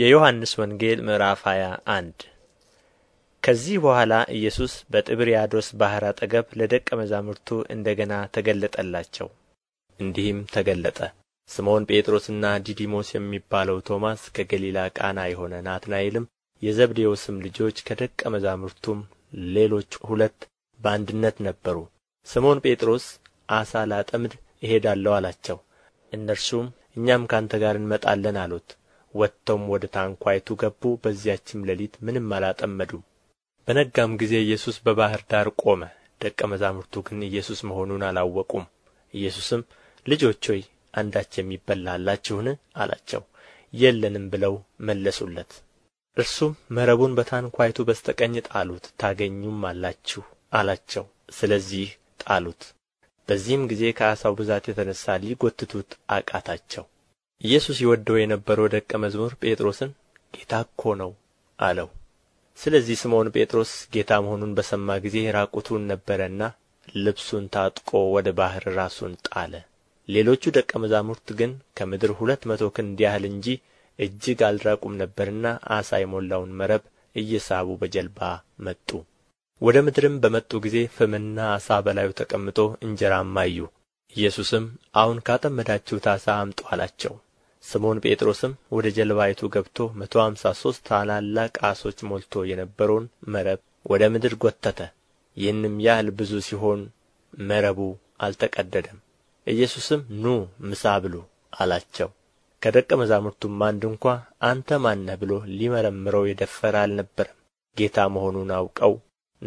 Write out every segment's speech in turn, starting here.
የዮሐንስ ወንጌል ምዕራፍ 21 ከዚህ በኋላ ኢየሱስ በጥብርያዶስ ባሕር አጠገብ ለደቀ መዛሙርቱ እንደ ገና ተገለጠላቸው። እንዲህም ተገለጠ። ስምዖን ጴጥሮስና ዲዲሞስ የሚባለው ቶማስ፣ ከገሊላ ቃና የሆነ ናትናኤልም፣ የዘብዴዎስም ልጆች ከደቀ መዛሙርቱም ሌሎች ሁለት በአንድነት ነበሩ። ስምዖን ጴጥሮስ አሳ ላጠምድ እሄዳለሁ አላቸው። እነርሱም እኛም ካንተ ጋር እንመጣለን አሉት። ወጥተውም ወደ ታንኳይቱ ገቡ፣ በዚያችም ሌሊት ምንም አላጠመዱም። በነጋም ጊዜ ኢየሱስ በባሕር ዳር ቆመ፣ ደቀ መዛሙርቱ ግን ኢየሱስ መሆኑን አላወቁም። ኢየሱስም ልጆች ሆይ አንዳች የሚበላላችሁን አላቸው። የለንም ብለው መለሱለት። እርሱም መረቡን በታንኳይቱ በስተቀኝ ጣሉት ታገኙም አላችሁ አላቸው። ስለዚህ ጣሉት። በዚህም ጊዜ ከዓሣው ብዛት የተነሣ ሊጎትቱት አቃታቸው። ኢየሱስ ይወደው የነበረው ደቀ መዝሙር ጴጥሮስን ጌታ እኮ ነው አለው። ስለዚህ ስምዖን ጴጥሮስ ጌታ መሆኑን በሰማ ጊዜ ራቁቱን ነበረና ልብሱን ታጥቆ ወደ ባሕር ራሱን ጣለ። ሌሎቹ ደቀ መዛሙርት ግን ከምድር ሁለት መቶ ክንድ ያህል እንጂ እጅግ አልራቁም ነበርና ዓሣ የሞላውን መረብ እየሳቡ በጀልባ መጡ። ወደ ምድርም በመጡ ጊዜ ፍምና ዓሣ በላዩ ተቀምጦ እንጀራም አዩ። ኢየሱስም አሁን ካጠመዳችሁት ዓሣ አምጡ አላቸው። ስምዖን ጴጥሮስም ወደ ጀልባይቱ ገብቶ መቶ አምሳ ሦስት ታላላቅ ዓሦች ሞልቶ የነበረውን መረብ ወደ ምድር ጐተተ። ይህንም ያህል ብዙ ሲሆን መረቡ አልተቀደደም። ኢየሱስም ኑ ምሳ ብሉ አላቸው። ከደቀ መዛሙርቱም አንድ እንኳ አንተ ማን ነህ ብሎ ሊመረምረው የደፈረ አልነበረም፣ ጌታ መሆኑን አውቀው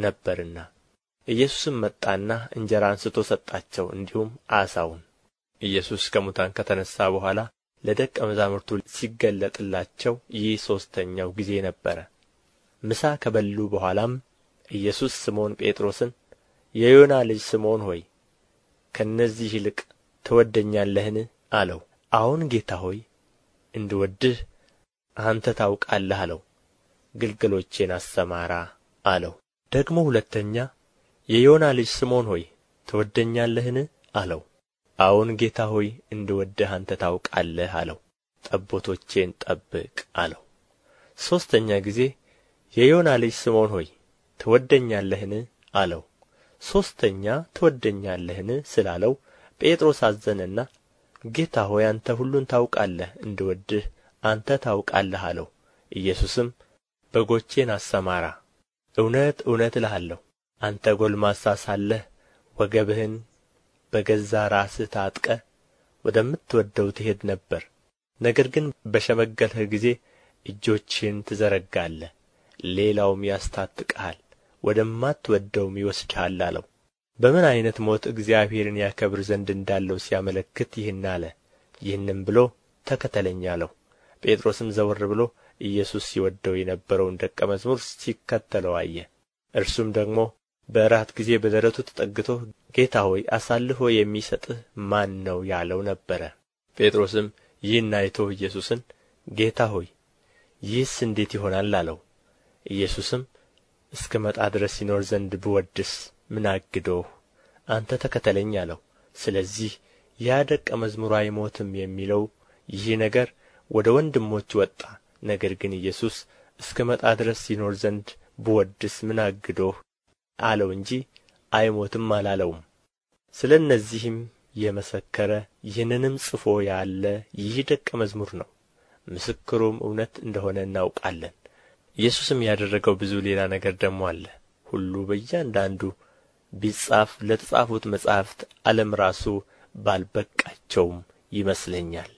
ነበርና። ኢየሱስም መጣና እንጀራ አንስቶ ሰጣቸው፣ እንዲሁም አሳውን። ኢየሱስ ከሙታን ከተነሣ በኋላ ለደቀ መዛሙርቱ ሲገለጥላቸው ይህ ሦስተኛው ጊዜ ነበረ። ምሳ ከበሉ በኋላም ኢየሱስ ስምዖን ጴጥሮስን የዮና ልጅ ስምዖን ሆይ ከእነዚህ ይልቅ ትወደኛለህን? አለው። አሁን ጌታ ሆይ እንድወድህ አንተ ታውቃለህ አለው። ግልገሎቼን አሰማራ አለው። ደግሞ ሁለተኛ የዮና ልጅ ስምዖን ሆይ ትወደኛለህን? አለው። አዎን ጌታ ሆይ ወደህ አንተ ታውቃለህ አለው ጠቦቶቼን ጠብቅ አለው ሦስተኛ ጊዜ የዮና ልጅ ስምዖን ሆይ ትወደኛለህን አለው ሦስተኛ ትወደኛለህን ስላለው ጴጥሮስ አዘነና ጌታ ሆይ አንተ ሁሉን ታውቃለህ ወድህ አንተ ታውቃለህ አለው ኢየሱስም በጎቼን አሰማራ እውነት እውነት እልሃለሁ አንተ ጎልማሳ ሳለህ ወገብህን በገዛ ራስህ ታጥቀ ወደምትወደው ትሄድ ነበር። ነገር ግን በሸመገልህ ጊዜ እጆችህን ትዘረጋለህ፣ ሌላውም ያስታጥቀሃል፣ ወደማትወደውም ይወስድሃል አለው። በምን ዐይነት ሞት እግዚአብሔርን ያከብር ዘንድ እንዳለው ሲያመለክት ይህን አለ። ይህንም ብሎ ተከተለኝ አለው። ጴጥሮስም ዘወር ብሎ ኢየሱስ ሲወደው የነበረውን ደቀ መዝሙር ሲከተለው አየ። እርሱም ደግሞ በእራት ጊዜ በደረቱ ተጠግቶ ጌታ ሆይ አሳልፎ የሚሰጥህ ማን ነው ያለው ነበረ። ጴጥሮስም ይህን አይቶ ኢየሱስን ጌታ ሆይ ይህስ እንዴት ይሆናል አለው። ኢየሱስም መጣ ድረስ ይኖር ዘንድ ብወድስ ምን አግዶህ? አንተ ተከተለኝ አለው። ስለዚህ ያ ደቀ መዝሙር አይሞትም የሚለው ይህ ነገር ወደ ወንድሞች ወጣ። ነገር ግን ኢየሱስ መጣ ድረስ ይኖር ዘንድ ብወድስ ምን አግዶህ አለው እንጂ አይሞትም አላለውም ስለ እነዚህም የመሰከረ ይህንንም ጽፎ ያለ ይህ ደቀ መዝሙር ነው ምስክሩም እውነት እንደሆነ እናውቃለን ኢየሱስም ያደረገው ብዙ ሌላ ነገር ደግሞ አለ ሁሉ በእያንዳንዱ ቢጻፍ ለተጻፉት መጻሕፍት ዓለም ራሱ ባልበቃቸውም ይመስለኛል